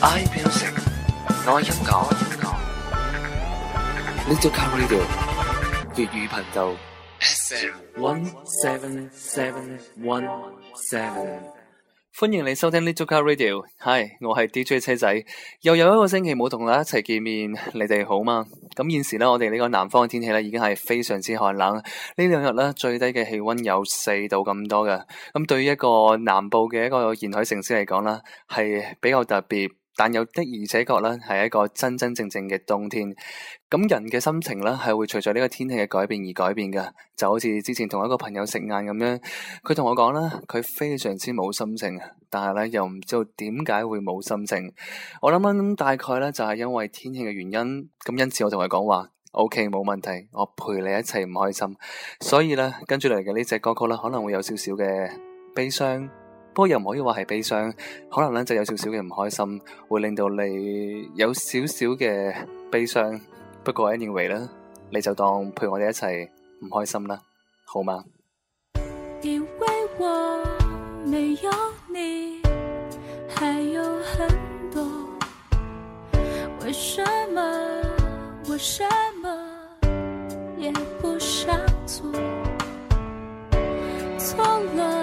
I believe. 再一個，一個。Little Car Radio 粵語頻道。Seven. One seven seven one seven。歡迎你收聽 Little Car Radio。係，我係 DJ 車仔。又有一個星期冇同大家一齊見面，你哋好嘛？咁現時呢，我哋呢個南方嘅天氣咧，已經係非常之寒冷。這兩天呢兩日咧，最低嘅氣溫有四度咁多嘅。咁對於一個南部嘅一個沿海城市嚟講咧，係比較特別。但又的而且確咧，係一個真真正正嘅冬天。咁人嘅心情咧，係會隨着呢個天氣嘅改變而改變嘅。就好似之前同一個朋友食晏咁樣，佢同我講啦，佢非常之冇心情，但係咧又唔知道點解會冇心情。我諗諗，大概咧就係因為天氣嘅原因。咁因此我跟他說，我同佢講話，OK，冇問題，我陪你一齊唔開心。所以咧，跟住嚟嘅呢隻歌曲咧，可能會有少少嘅悲傷。不過又唔可以話係悲傷，可能咧就有少少嘅唔開心，會令到你有少少嘅悲傷。不過我認為咧，你就當陪我哋一齊唔開心啦，好嗎？因為我沒有你，還有很多，為什麼我什麼也不想做，錯了。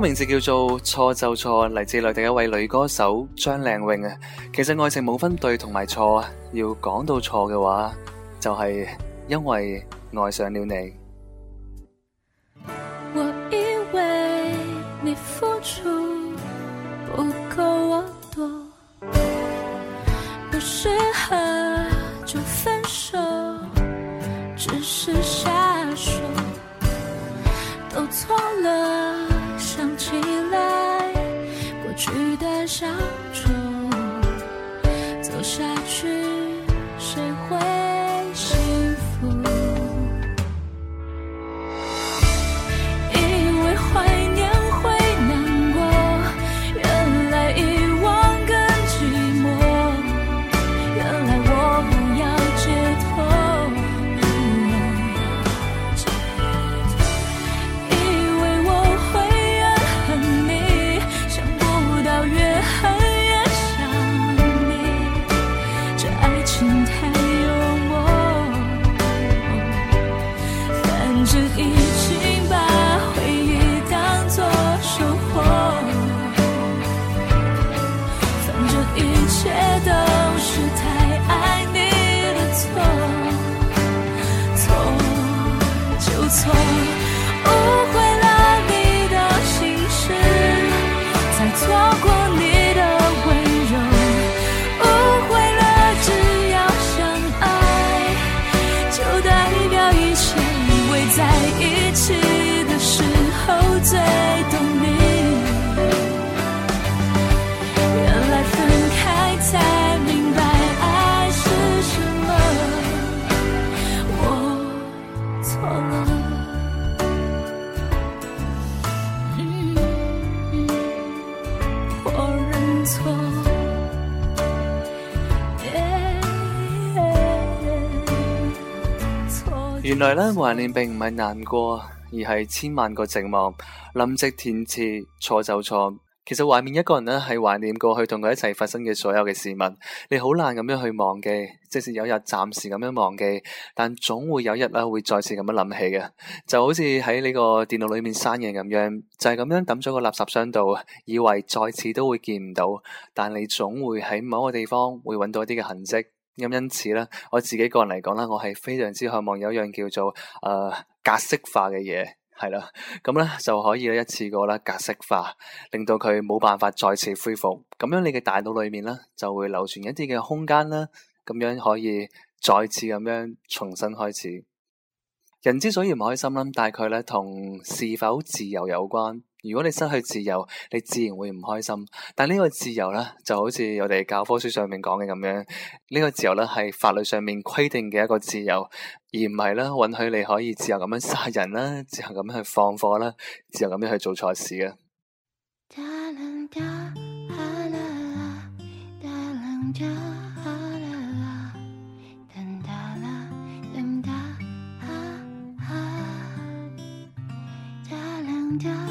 名字叫做錯就錯，嚟自內地一位女歌手張靚穎啊。其實愛情冇分對同埋錯啊，要講到錯嘅話，就係因為愛上了你。原來咧，懷念並唔係難過，而係千萬個寂寞。林夕填詞錯就錯，其實懷念一個人咧，係懷念過去同佢一齊發生嘅所有嘅事物。你好難咁樣去忘記，即使有日暫時咁樣忘記，但總會有一日咧，會再次咁樣諗起嘅。就好似喺呢個電腦裏面刪嘢咁樣，就係咁樣抌咗個垃圾箱度，以為再次都會見唔到，但你總會喺某個地方會搵到一啲嘅痕跡。咁因此咧，我自己個人嚟講啦，我係非常之渴望有一樣叫做誒、呃、格式化嘅嘢，係啦，咁咧就可以咧一次過啦格式化，令到佢冇辦法再次恢復。咁樣你嘅大腦裏面咧就會流傳一啲嘅空間啦，咁樣可以再次咁樣重新開始。人之所以唔開心啦，大概咧同是否自由有關。如果你失去自由，你自然會唔開心。但呢個自由呢，就好似我哋教科書上面講嘅咁樣，呢、呢個自由呢，係法律上面規定嘅一個自由，而唔係啦允許你可以自由咁樣殺人啦，自由咁樣去放火啦，自由咁樣去做錯事嘅。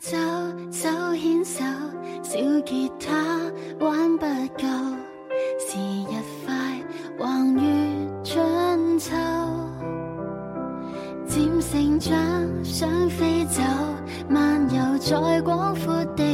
著走，手牽手，小吉他玩不夠，時日快橫越春秋，漸成長，想飛走，漫遊在廣闊地。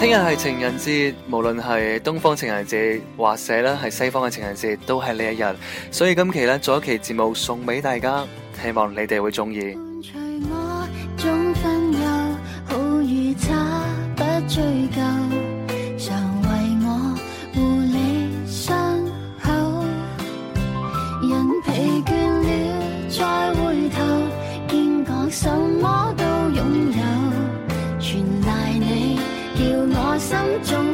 聽日係情人節，無論係東方情人節，或者咧係西方嘅情人節，都係呢一日。所以今期咧，做一期節目送俾大家，希望你哋會喜歡中意。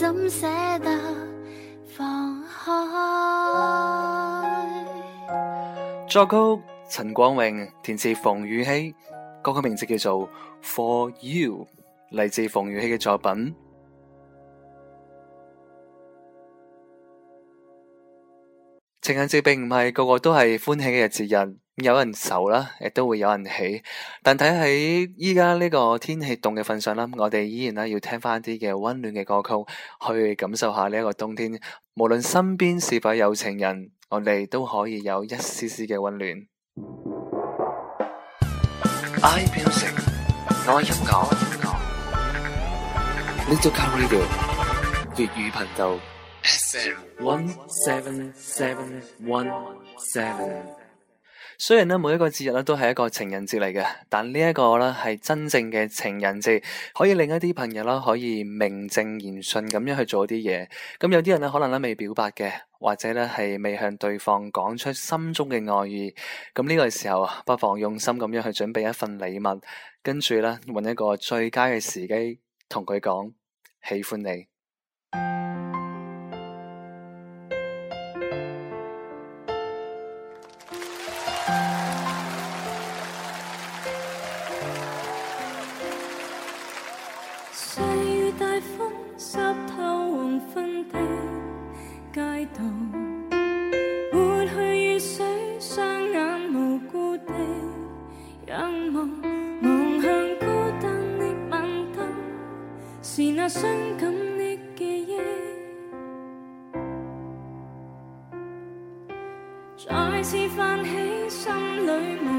怎捨得放開，作曲陳廣榮，填詞馮雨希。歌曲名字叫做 For You，來自馮雨希嘅作品。情人節並唔係個個都係歡喜嘅日子，有人愁啦，亦都會有人起。但睇喺依家呢個天氣凍嘅份上啦，我哋依然咧要聽翻啲嘅溫暖嘅歌曲，去感受一下呢一個冬天。無論身邊是否有情人，我哋都可以有一絲絲嘅溫暖。I Feel Music，我音樂，粵語頻道。One seven seven one seven。雖然咧每一個節日咧都係一個情人節嚟嘅，但呢一個咧係真正嘅情人節，可以令一啲朋友啦可以名正言順咁樣去做啲嘢。咁有啲人咧可能咧未表白嘅，或者咧係未向對方講出心中嘅愛意。咁呢個時候不妨用心咁樣去準備一份禮物，跟住咧揾一個最佳嘅時機同佢講喜歡你。傷感的記憶，再次泛起，心裏。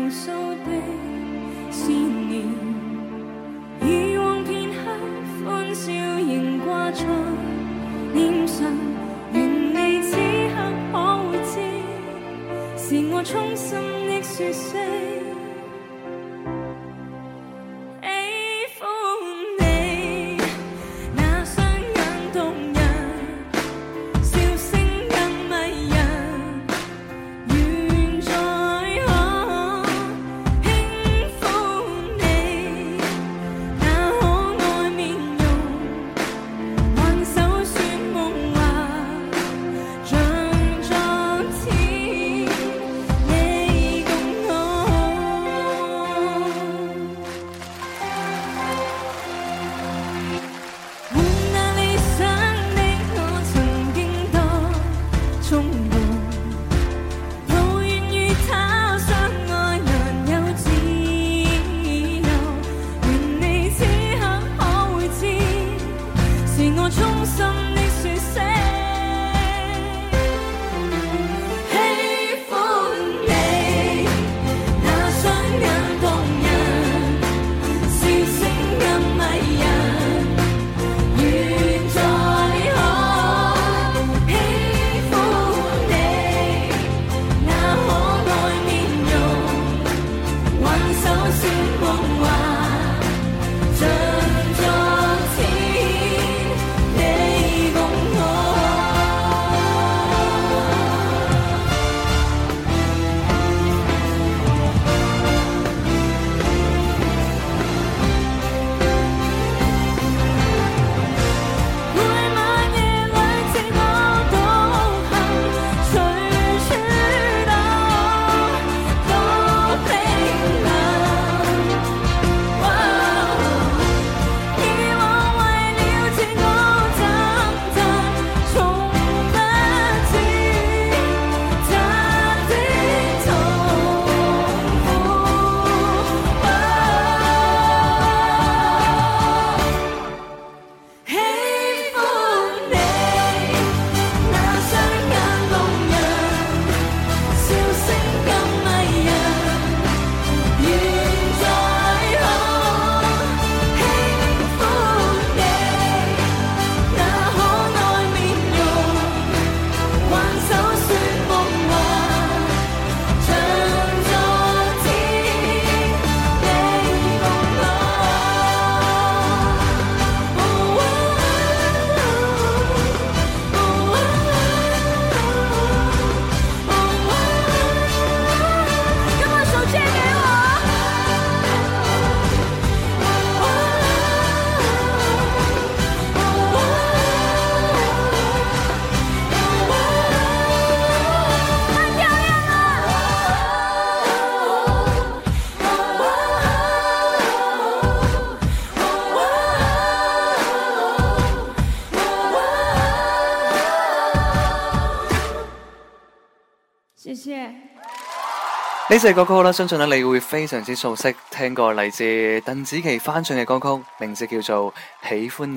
呢隻歌曲啦，相信咧你會非常之熟悉，聽過嚟自鄧紫棋翻唱嘅歌曲，名字叫做《喜歡你》。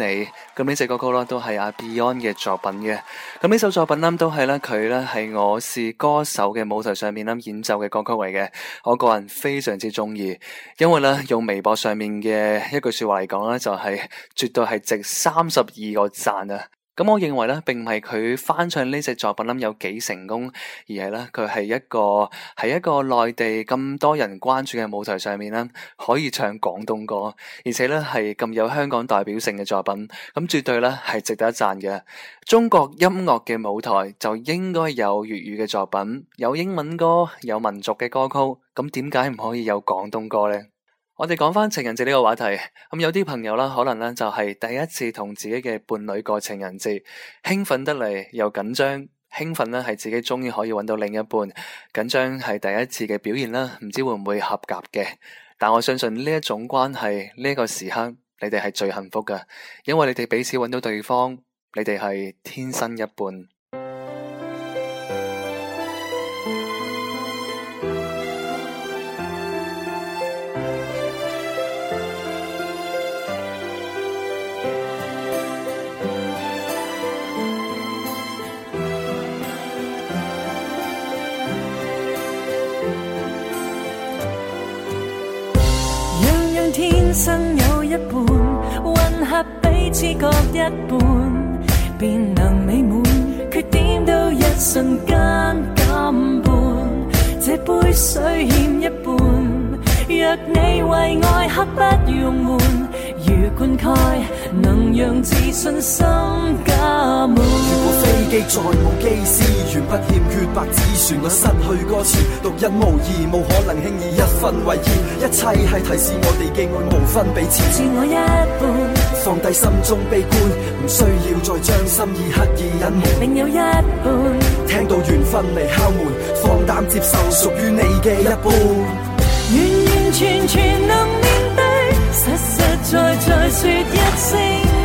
咁呢隻歌曲咧都係阿 Beyond 嘅作品嘅。咁呢首作品咧都係咧佢咧係我是歌手嘅舞台上面咧演奏嘅歌曲嚟嘅。我個人非常之中意，因為咧用微博上面嘅一句說話嚟講咧，就係絕對係值三十二個讚啊！咁我認為咧，並唔係佢翻唱呢隻作品有幾成功，而係咧佢係一個喺一個內地咁多人關注嘅舞台上面呢，可以唱廣東歌，而且咧係咁有香港代表性嘅作品，咁絕對咧係值得一贊嘅。中國音樂嘅舞台就應該有粵語嘅作品，有英文歌，有民族嘅歌曲，咁點解唔可以有廣東歌咧？我哋講翻情人節呢個話題，咁有啲朋友啦，可能咧就係第一次同自己嘅伴侶過情人節，興奮得嚟又緊張。興奮咧係自己終於可以搵到另一半，緊張係第一次嘅表現啦，唔知會唔會合格嘅。但我相信呢一種關係，呢個時刻你哋係最幸福㗎！因為你哋彼此搵到對方，你哋係天生一半。知各一半，便能美滿，缺點都一瞬間減半。這杯水欠一半，若你為愛刻不容緩，如灌溉能讓自信心加滿。既再無機師，完不欠缺，白紙旋律失去歌詞，獨一無二，無可能輕易一分為二，一切係提示我哋嘅愛無分彼此。賜我一半，放低心中悲觀，唔需要再將心意刻意隱瞞。另有一半，聽到緣分嚟敲門，放膽接受屬於你嘅一半。完完全全能面對，實實在在説一聲。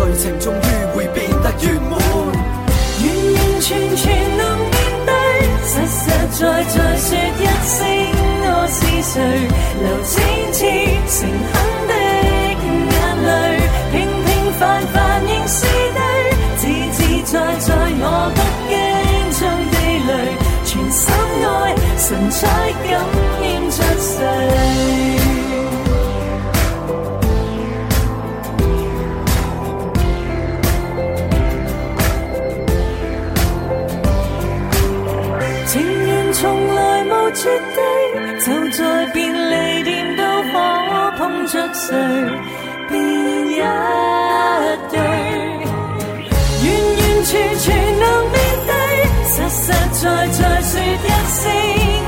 愛情終於會變得圓滿，完完全全能面對，實實在在說一聲我是誰，流清澈誠懇的眼淚，平平凡凡應是對，自自在在我不羈。變一對，完完全全能面對，實實在在說一聲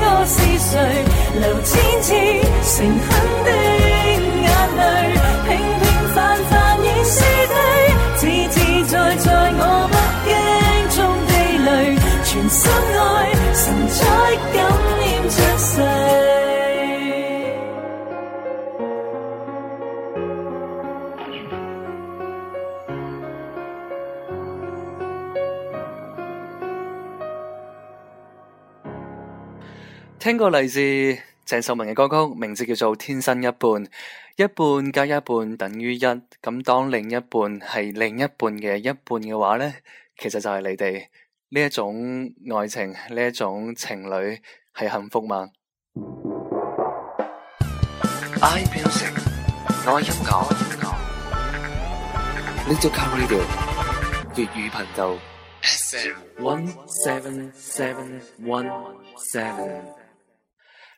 我是誰，流千次誠懇的眼淚。聽過嚟自鄭秀文嘅歌曲，名字叫做《天生一半》，一半加一半等於一。咁當另一半係另一半嘅一半嘅話咧，其實就係你哋呢一種愛情，呢一種情侶係幸福嗎？I Music，我音樂，你做 i 粵語頻道，S M One Seven Seven One Seven。17717.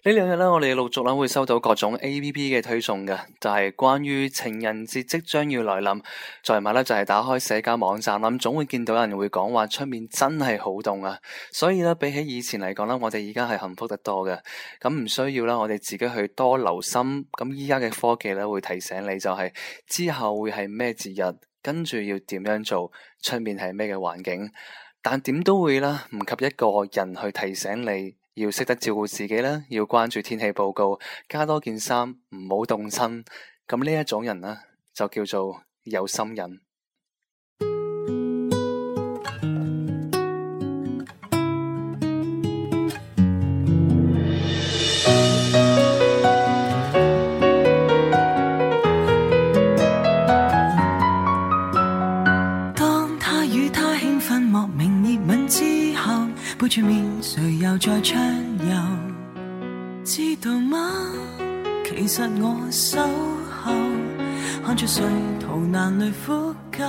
呢兩日咧，我哋陸續咧會收到各種 A P P 嘅推送嘅，就係、是、關於情人節即將要來臨。再唔係咧，就係打開社交網站啦，總會見到有人會講話出面真係好凍啊！所以咧，比起以前嚟講咧，我哋而家係幸福得多嘅。咁唔需要啦，我哋自己去多留心。咁而家嘅科技咧會提醒你、就是，就係之後會係咩節日，跟住要點樣做，出面係咩嘅環境。但點都會啦，唔及一個人去提醒你。要識得照顧自己啦，要關注天氣報告，加多件衫，唔好凍親。咁呢一種人呢，就叫做有心人。著面，誰又在暢游？知道嗎？其實我守候，看著誰逃難淚呼救。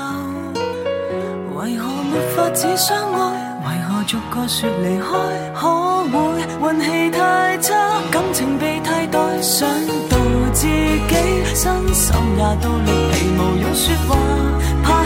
為何沒法只相愛？為何逐個說離開？可會運氣太差？感情被替代，想到自己，身心也都力疲，無用說話。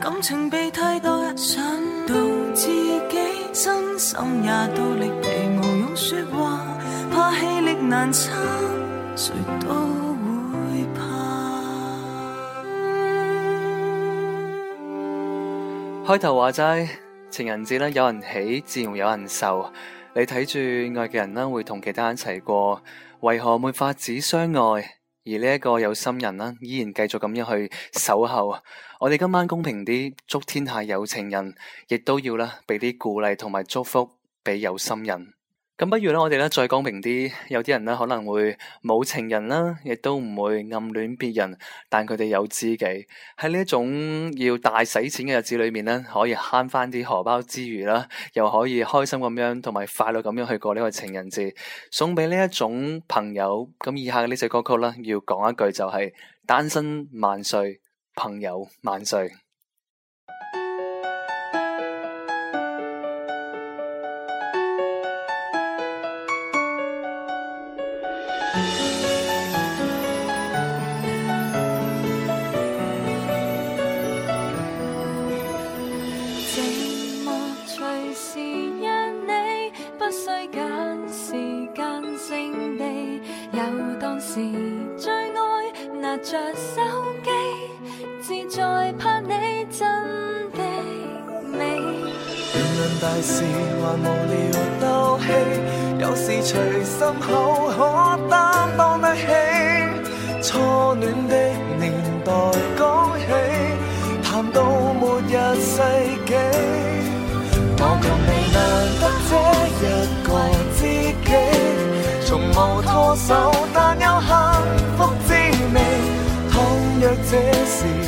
感情被替一想到自己真心也都力疲，無用說話，怕氣力難撐，誰都會怕。開頭話齋，情人節咧，有人喜，自然有人愁。你睇住愛嘅人咧，會同其他人一齊過，為何沒法子相愛？而呢一個有心人呢，依然繼續咁樣去守候。我哋今晚公平啲，祝天下有情人，亦都要啦，畀啲鼓勵同埋祝福畀有心人。咁不如咧，我哋咧再公平啲，有啲人咧可能會冇情人啦，亦都唔會暗戀別人，但佢哋有知己。喺呢一種要大使錢嘅日子裏面咧，可以慳翻啲荷包之餘啦，又可以開心咁樣，同埋快樂咁樣去過呢個情人節，送俾呢一種朋友。咁以下嘅呢首歌曲咧，要講一句就係單身萬歲，朋友萬歲。大事還無聊鬥氣，有事隨心口可擔當得起。初戀的年代講起，談到末日世紀，我共你難得這一個知己，從無拖手，但有幸福滋味，倘若這時。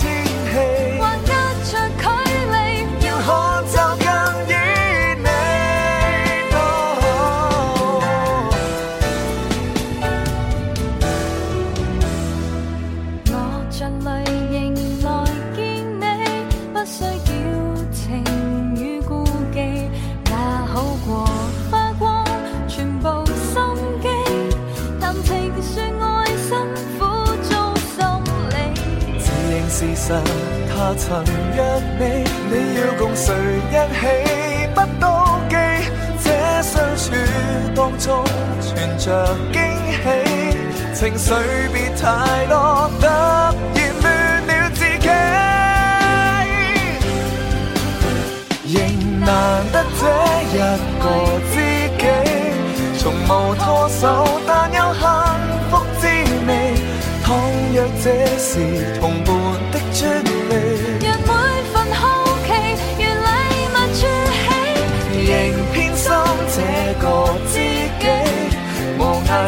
我曾約你，你要共誰一起？不妒忌，這相處當中存着驚喜，情緒別太多，突然亂了自己，仍難得這一個知己，從無拖手，但有幸福滋味。倘若這是同伴的尊。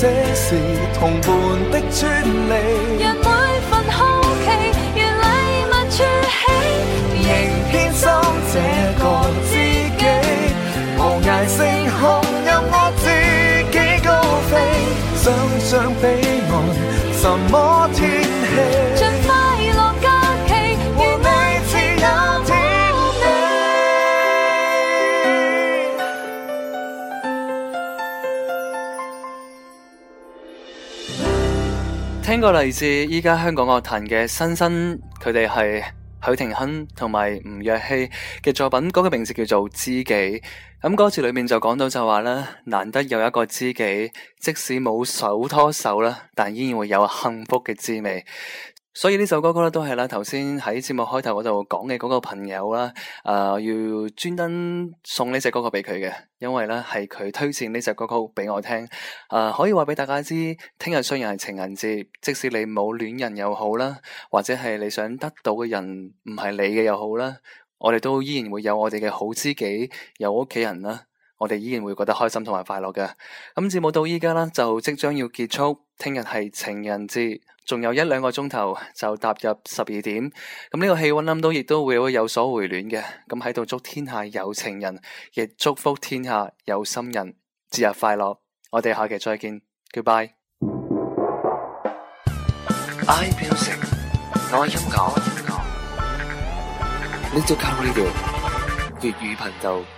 這是同伴的專利。一個嚟自依家香港樂壇嘅新生，佢哋係許廷鏗同埋吳若希嘅作品，嗰個名字叫做《知己》。咁歌詞裏面就講到就話咧，難得有一個知己，即使冇手拖手啦，但依然會有幸福嘅滋味。所以呢首歌曲都係啦，頭先喺節目開頭我度講嘅嗰個朋友啦，啊、呃、要專登送呢隻歌曲俾佢嘅，因為呢係佢推薦呢隻歌曲俾我聽，啊、呃、可以話俾大家知，聽日雖然係情人節，即使你冇戀人又好啦，或者係你想得到嘅人唔係你嘅又好啦，我哋都依然會有我哋嘅好知己，有屋企人啦。我哋依然會覺得開心同埋快樂嘅。咁節目到依家啦，就即將要結束。聽日係情人節，仲有一兩個鐘頭就踏入十二點。咁、這、呢個氣溫諗到亦都會有所回暖嘅。咁喺度祝天下有情人，亦祝福天下有心人，節日快樂。我哋下期再見，Goodbye。I i 粵語頻道。